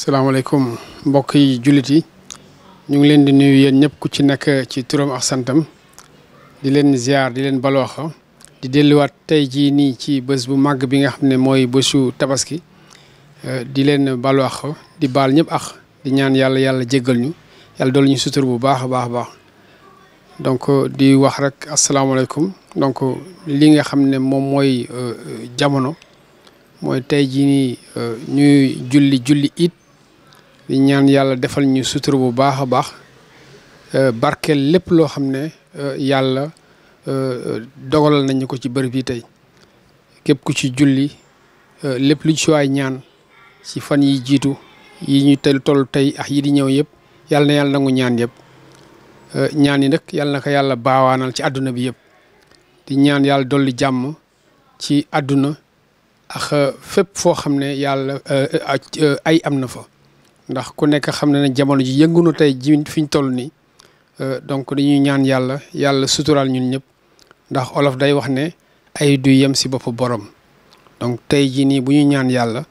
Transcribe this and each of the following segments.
salaamaaleykum mbokk yi jullit yi ñu ngi leen di nuyu yéen ñëpp ku ci nekk ci turam ak santam di leen ziar di leen balooxa di delluwaat tey jii nii ci bés bu màgg bi nga xam ne mooy bésu tabaski euh, di leen baloox di baal ñëpp ak ñaan yàlla yàlla jéggal ñu yàlla dool bu baax a baax a baax donc euh, di wax rek asalaamaaleykum donc li nga xam ne moom mooy euh, jamono mooy tey jii nii ñuy julli julli it di ñaan yàlla defal ñu sutura bu baax a baax euh, barkeel lépp loo xam ne euh, yàlla euh, dogalal nañu ko ci bërëb yi tey képp ku ci julli lépp lu ci waay ñaan ci fan yi jiitu yi ñu tel toll tey ak yi di ñëw yëpp yàlla na yàlla nangu ñaan yëpp ñaan yi nag yàlla na ko yàlla baawaanal ci àdduna bi yëpp di ñaan yàlla dolli jàmm ci àdduna ak fépp foo xam ne yàlla ay am na fa ndax ku nekk xam na ne jamono ji yëngu na tey ji fi ñu toll nii euh, donc dañuy ñaan yàlla yàlla suturaal ñun ñëpp ndax olof day wax ne ay du yem si boppu borom donc tey jii nii bu ñuy ñaan yàlla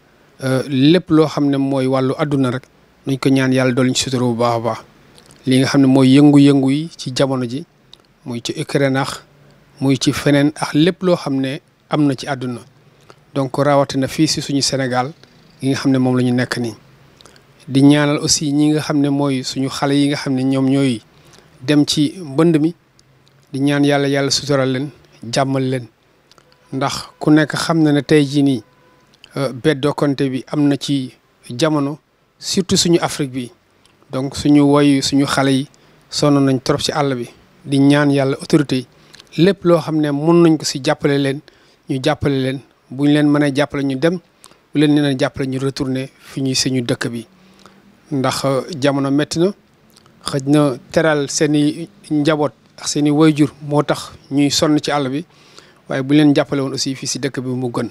euh, lépp loo xam ne mooy wàllu àdduna rek nuñ ko ñaan yàlla dool ñu sutura bu baax a baax li nga xam ne mooy yëngu-yëngu yi ci jamono ji muy ci Ukraine ax muy ci feneen ak lépp loo xam ne am na ci àdduna donc rawatina fii si suñu Sénégal yi nga xam ne moom la ñu nekk nii di ñaanal aussi ñi nga xam ne mooy suñu xale yi nga xam ne ñoom ñooy dem ci mbënd mi di ñaan yàlla yàlla sutural leen jàmmal leen ndax ku nekk xam na ne tey jii nii euh, beddokonte bi am na ci jamono surtout suñu Afrique bi donc suñu woy suñu xale yi sonn nañ trop ci àll bi di ñaan yàlla autorité yi lépp loo xam ne mun nañ ko si jàppale leen ñu jàppale leen bu ñu leen mën jàppale ñu dem bu leen nee jàppale ñu retourner fi ñuy suñu dëkk bi ndax jamono metti na xëj teral seni njabot ak seni wayjur motax ñuy sonn ci àll bi waye bu leen jàppale won aussi fi si dëkk bi mu gën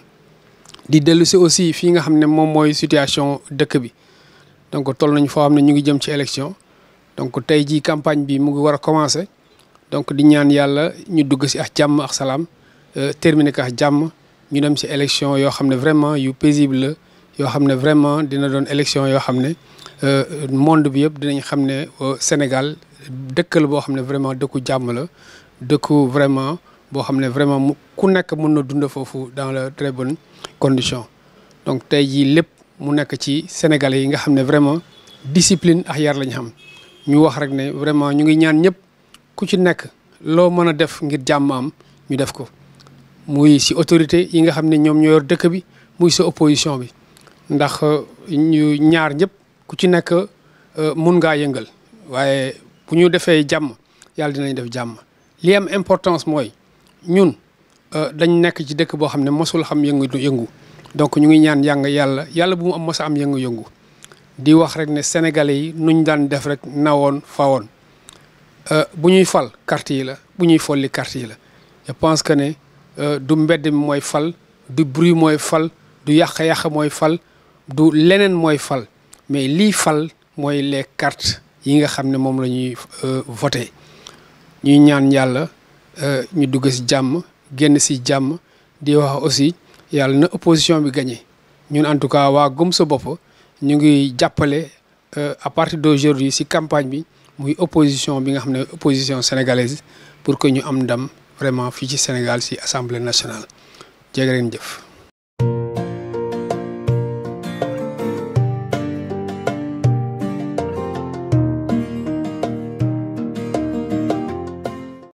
di dellu si aussi fi nga xam mom moy situation dëkk bi donc toll nañ fo xam ñu ngi jëm ci élection donc tay ji campagne bi mu ngi wara commencer donc di ñaan yalla ñu dugg si ak jamm ak salam euh terminer ka jamm ñu dem ci élection yo xam vraiment yu paisible Il y a vraiment dina doon élection yoo euh, monde bi dinañ euh, Sénégal dëkk la vraiment dëkku jàmm la vraiment vraiment dans la très bonne condition donc tey sénégalais yi nga vraiment discipline ak yar lañ xam ñu wax rek vraiment ñu ngi ñaan autorité yi nga opposition ndax euh, ñu ñaar ñëpp ku ci nekk euh, mun ngaa yëngal waaye bu ñu defee jàmm yàlla dinañ def jàmm li am importance mooy ñun euh, dañ nekk ci dëkk boo xam ne mosul xam yëngu-yëngu donc ñu ngi ñaan yàng yàlla yàlla bu mu am mosa am yëngu-yëngu di wax rek ne sénégalais yi nuñ daan def rek nawoon fawoon bu ñuy fal kart yi la bu ñuy folli carte yi la je pense que ne du mbedd mi mooy fal du bruit mooy fal du yàq-yàq mooy fal du pas moy fal mais li fal moy les cartes yi nga avons ne lañuy euh, voter ñuy ñaan euh, ñu dugg ci ci di wax aussi yalla na opposition bi gagné ñun en tout cas wa avons euh, à partir d'aujourd'hui ci campagne bi opposition bi nga opposition sénégalaise pour que ñu vraiment fi ci Sénégal ci assemblée nationale